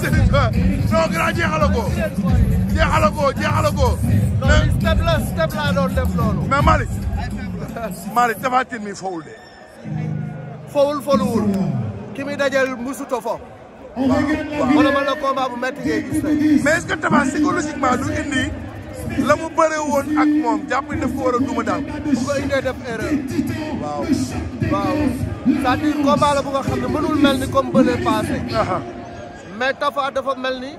c'est non grand jeexala ko jeexala ko jeexala ko step la step la doon def loolu mais Malick Malick Tapha fowul de fowul foluwul ki mi dajal musuto fo wala man la combat bu métti ngay gis mais est-ce que Tapha psychologiquement la mu bëree woon ak moom jàpp ni daf ko war a duma daal def erreur waaw waaw c'est-à-dire bu nga xam ne mënul mel ni comme bële passé mais Tafa dafa mel ni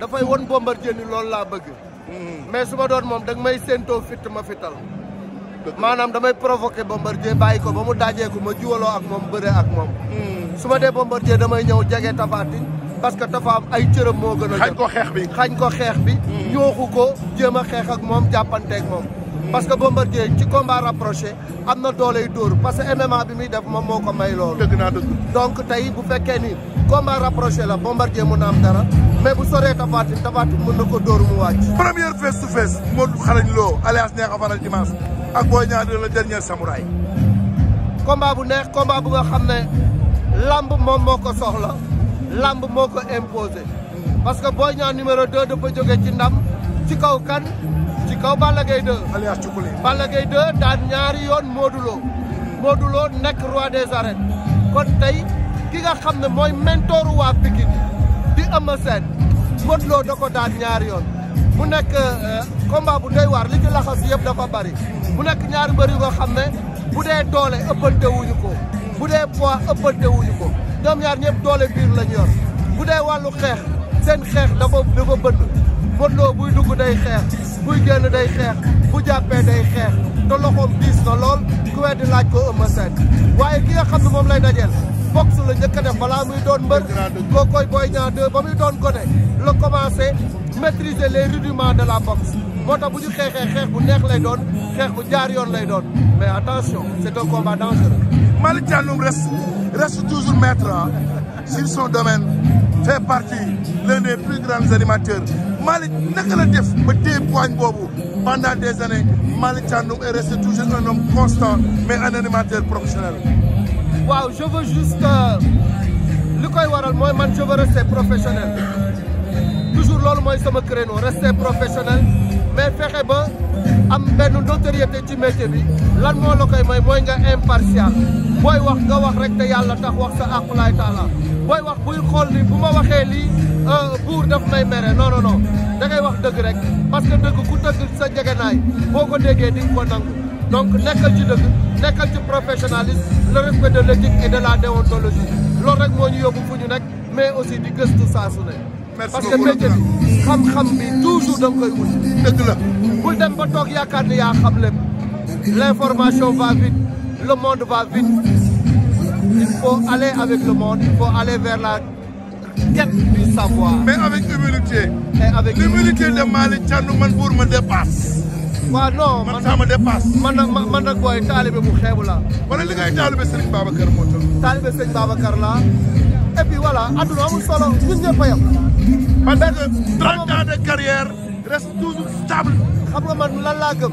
dafay won Bombardier ni loolu laa bëgg. Hmm. mais su ma doon moom danga may séentoo fitt ma fittal maanaam damay provoqué bombarde bàyyi ko ba mu ko ma jiwaloo ak moom bëre ak moom. Hmm. su ma dee Bombardier damay ñëw jege Tapha Tine parce que Tapha am ay cërëm moo gën a. xañ ko xeex bi xaañ ko xeex bi. ñooxu hmm. ko jéem a xeex ak moom jàppanteeg moom. parce que Bombardier ci combat rapproché am na dooley dóor parce que MMA bi muy def moom moo ko may loolu. naa dëgg. donc tey bu fekkee ni combat rapproché la Bombardier mun na am dara mais bu soree Tapha Tine mën na ko dóor mu wàcc. première face to face xarañ Lo alias neex a faral dimanche ak Boy Niang la dernier samouraay. bu neex combat bu nga lamb moom moo ko soxla lamb moo ko imposé parce que Boy Niang numéro 2 jóge ci ndam kaw Balla Gaye 2. alias Cukkuli Balla Gaye 2 daan ñaari yoon Modou Lo. Modou Lo nekk roi des arènes. kon tey ki nga xam ne mooy mentooru waa Pikine di Eumeu Sène Modou Lo da ko daan ñaari yoon. mu nekk euh, combat bu doy waar li ci laxas yëpp dafa bari mu nekk ñaari mbër yu nga xam ne bu dee doole ëppante wuñu ko bu dee poids ëppante wuñu ko ñoom ñaar ñëpp doole biir lañu yor bu dee wàllu xeex seen xeex dafa dafa bënd Modou Lo buy dugg day xeex buy génn day xeex bu jàppee day xeex te loxoom diis na lool ku weddi laaj ko Eumeu Sène waaye ki nga xam ne moom lay dajeel boxe la njëkk a def balaa muy doon mbër koo koy Boy Niang 2 ba muy doon gone la commencé maîtriser les rudiments de la boxe moo tax bu ñu xeexee xeex bu neex lay doon xeex bu jaar yoon lay doon mais attention c'est un combat dangereux Malick Thiandoum reste reste toujours maître sur son domaine fait partie l'un Malick naka la def ba téye poigne boobu pendant des années Malick Thiandoum est resté toujours un homme constant mais un animateur professionnel. waaw je veux juste euh, li koy waral mooy man je veux rester professionnel toujours loolu mooy sama créneau rester professionnel mais fexe ba. am benn notoriété ci métier bi lan moo la koy may mooy nga impartial booy wax nga wax rek te yàlla tax wax sa aqulaay taala booy wax buy xool ni bu ma waxee lii euh, buur daf may mere non non non da ngay wax dëgg rek parce que dëgg ku dëgg sa jegenaay boo ko déggee di ko nangu donc nekkal ci dëgg nekkal ci professionnalisme le respect de l'éthique et de la déontologie loolu rek moo ñu yóbbu fu ñu nekk mais aussi di gëstu saa su ne parce que métier bi xam-xam bi toujours koy wut. dëgg la bul dem ba toog yaakaar ni yaa xam lépp l' information va le monde va il faut aller avec le monde il faut aller vers la quête du savoir. mais avec humilité. et avec l'humilité de Malick Thiandou man buur ma dépasse. waaw non man sama dépasse. man nag man taalibe bu xeebu la. wala li ngay taalibe Serigne Babacar moo tax. taalibe Serigne Babacar la et puis voilà adduna amul solo ñun ñëpp a yem. pendant que 30 ans de carrière reste toujours stable. xam nga man lan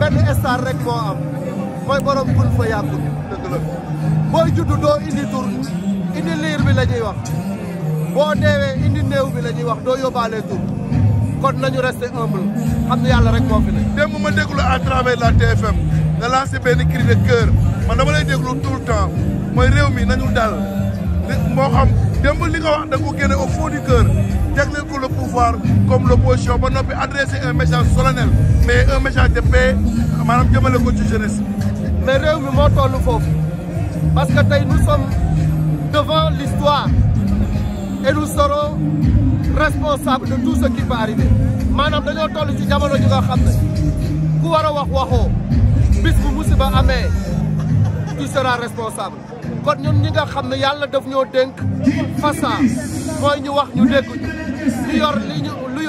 benn star rek mooy borom kun fa yàggul dëgg juddu doo indi tur indi liir bi la ñuy wax boo deewee indi néew bi la ñuy wax doo yóbbaale tur kon nañu rester humble xam ne yàlla rek moo fi ne. démb à travers la TFM nga lancé benn cri de cœur man dama lay déglu tout mooy réew mi nañu dal. moo xam démb li nga wax da ko génne au fond du cœur jagleel ko le pouvoir comme l'opposition ba noppi adressé un message solennel mais un ma de paix ko ci jeunesse. mais réew moo toll foofu parce que tey nous sommes devant l'histoire et nous serons responsables de tout ce qui va arriver maanaam dañoo toll ci ji nga xam ku war a wax waxoo bis bu musiba amee tu seras responsable. kon ñun ñi nga xam ne yàlla daf ñoo dénk fasa mooy ñu wax ñu dégg ñu yor li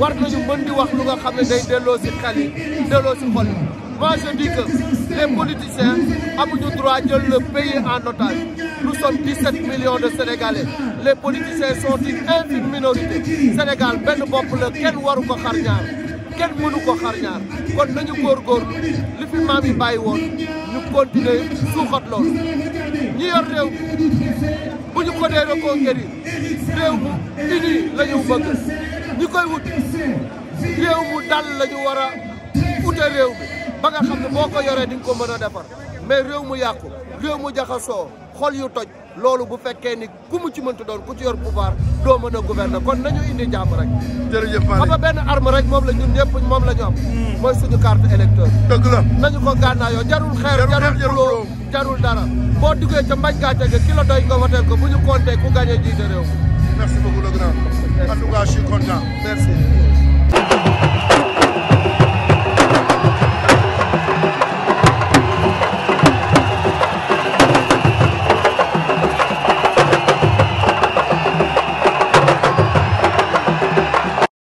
war nañu mën di wax lu nga xam ne day delloo si xel yi delloo si xol yi moi je dis que les politiciens amuñu droit jël le pays en otage nous sommes 17 millions de sénégalais les politiciens sont une minorité Sénégal benn bopp la kenn waru ko xar kenn mënu ko xar ñaar kon nañu góorgóorlu li fi maam yi bàyyi woon ñu continuer suuxat loolu ñi yor réew bu ñu ko dee réew mu uni la ñi koy wut réew mu dal la ñu war a wute réew mi ba nga xam ne boo ko yoree di ko mën a defar mais réew mu yàqu réew mu jaxasoo xol yu toj loolu bu fekkee ni ku mu ci mënta doon ku ci yor pouvoir doo mën a gouverner kon nañu indi jàmm rek. jërëjëf benn arme rek moom la ñun ñëpp moom la ñu am. Hmm. mooy suñu carte électeur. dëgg la nañu ko gànnaayoo jarul xeer jarul xuloo jarul dara. boo duggee ca mbañ gàcce ga ki doy nga woteel ko bu ñu compter ku gagné jiite réew mi. merci beaucoup le grand. en tout cas